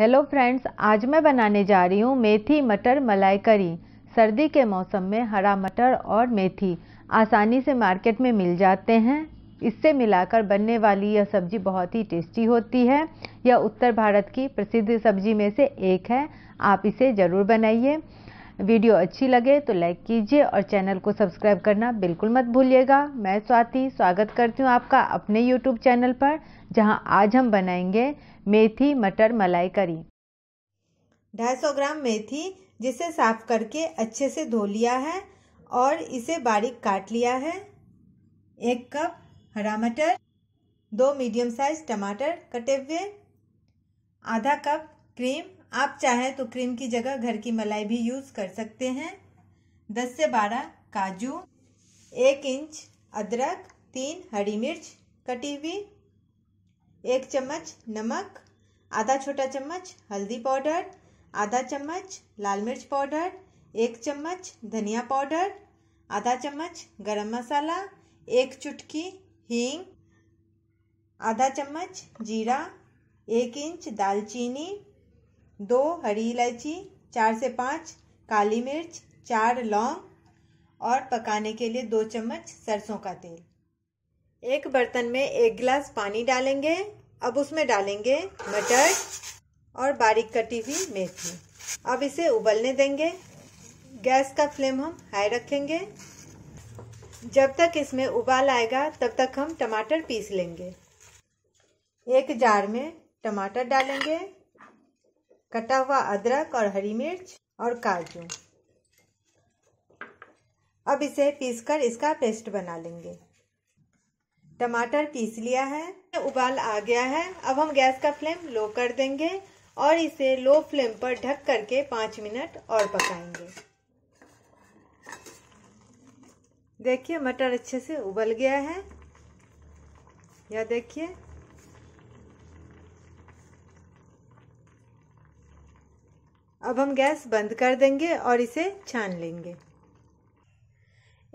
hello friends आज मैं बनाने जा रही हूँ मेथी मटर मलाई करी सर्दी के मौसम में हरा मटर और मेथी आसानी से मार्केट में मिल जाते हैं इससे मिलाकर बनने वाली यह सब्जी बहुत ही टेस्टी होती है यह उत्तर भारत की प्रसिद्ध सब्जी में से एक है आप इसे ज़रूर बनाइए वीडियो अच्छी लगे तो लाइक कीजिए और चैनल को सब्सक्राइब करना बिल्कुल मत भूलिएगा मैं स्वाति स्वागत करती हूँ आपका अपने यूट्यूब चैनल पर जहाँ आज हम बनाएंगे मेथी मटर मलाई करी 250 ग्राम मेथी जिसे साफ करके अच्छे से धो लिया है और इसे बारीक काट लिया है एक कप हरा मटर दो मीडियम साइज टमाटर कटे हुए आधा कप क्रीम आप चाहे तो क्रीम की जगह घर की मलाई भी यूज़ कर सकते हैं दस से बारह काजू एक इंच अदरक तीन हरी मिर्च कटी हुई एक चम्मच नमक आधा छोटा चम्मच हल्दी पाउडर आधा चम्मच लाल मिर्च पाउडर एक चम्मच धनिया पाउडर आधा चम्मच गरम मसाला एक चुटकी हींग आधा चम्मच जीरा एक इंच दालचीनी दो हरी इलायची चार से पाँच काली मिर्च चार लौंग और पकाने के लिए दो चम्मच सरसों का तेल एक बर्तन में एक गिलास पानी डालेंगे अब उसमें डालेंगे मटर और बारीक कटी हुई मेथी अब इसे उबलने देंगे गैस का फ्लेम हम हाई रखेंगे जब तक इसमें उबाल आएगा तब तक हम टमाटर पीस लेंगे एक जार में टमाटर डालेंगे कटा हुआ अदरक और हरी मिर्च और काजू अब इसे पीसकर इसका पेस्ट बना लेंगे टमाटर पीस लिया है उबाल आ गया है अब हम गैस का फ्लेम लो कर देंगे और इसे लो फ्लेम पर ढक करके पाँच मिनट और पकाएंगे देखिए मटर अच्छे से उबल गया है या देखिए अब हम गैस बंद कर देंगे और इसे छान लेंगे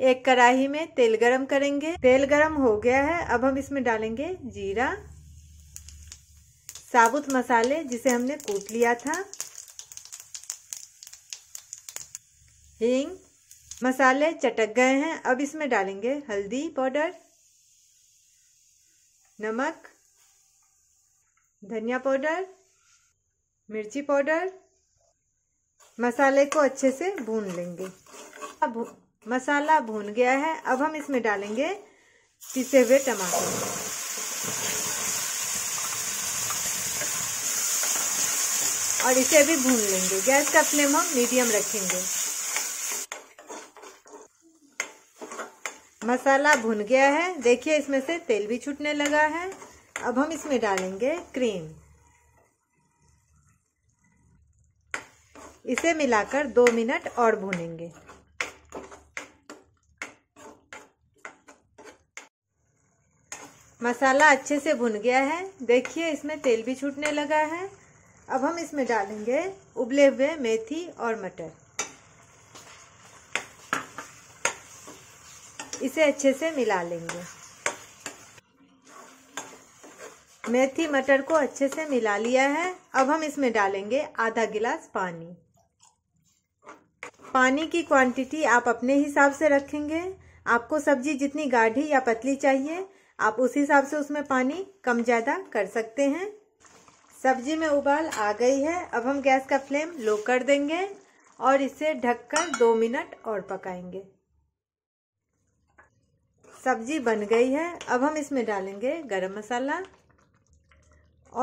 एक कढ़ाई में तेल गरम करेंगे तेल गरम हो गया है अब हम इसमें डालेंगे जीरा साबुत मसाले जिसे हमने कूट लिया था हींग मसाले चटक गए हैं अब इसमें डालेंगे हल्दी पाउडर नमक धनिया पाउडर मिर्ची पाउडर मसाले को अच्छे से भून लेंगे अब मसाला भून गया है अब हम इसमें डालेंगे पिसे हुए टमाटर और इसे भी भून लेंगे गैस का फ्लेम हम मीडियम रखेंगे मसाला भुन गया है देखिए इसमें से तेल भी छूटने लगा है अब हम इसमें डालेंगे क्रीम इसे मिलाकर दो मिनट और भूनेंगे मसाला अच्छे से भुन गया है देखिए इसमें तेल भी छूटने लगा है अब हम इसमें डालेंगे उबले हुए मेथी और मटर इसे अच्छे से मिला लेंगे मेथी मटर को अच्छे से मिला लिया है अब हम इसमें डालेंगे आधा गिलास पानी पानी की क्वांटिटी आप अपने हिसाब से रखेंगे आपको सब्जी जितनी गाढ़ी या पतली चाहिए आप उस हिसाब से उसमें पानी कम ज़्यादा कर सकते हैं सब्जी में उबाल आ गई है अब हम गैस का फ्लेम लो कर देंगे और इसे ढककर दो मिनट और पकाएंगे सब्जी बन गई है अब हम इसमें डालेंगे गरम मसाला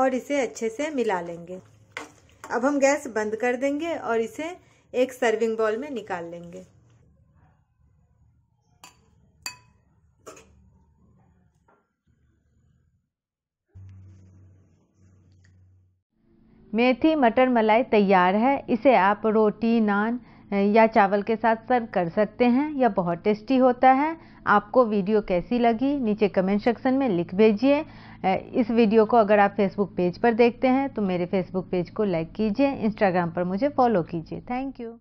और इसे अच्छे से मिला लेंगे अब हम गैस बंद कर देंगे और इसे एक सर्विंग बॉल में निकाल लेंगे मेथी मटर मलाई तैयार है इसे आप रोटी नान या चावल के साथ सर्व कर सकते हैं यह बहुत टेस्टी होता है आपको वीडियो कैसी लगी नीचे कमेंट सेक्शन में लिख भेजिए इस वीडियो को अगर आप फेसबुक पेज पर देखते हैं तो मेरे फेसबुक पेज को लाइक कीजिए इंस्टाग्राम पर मुझे फॉलो कीजिए थैंक यू